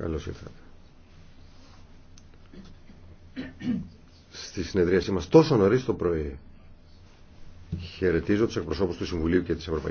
Καλώς ήρθατε. Στη συνεδρίασή μας τόσο νωρίς το πρωί χαιρετίζω τους εκπροσώπους του Συμβουλίου και της Ευρωπαϊκής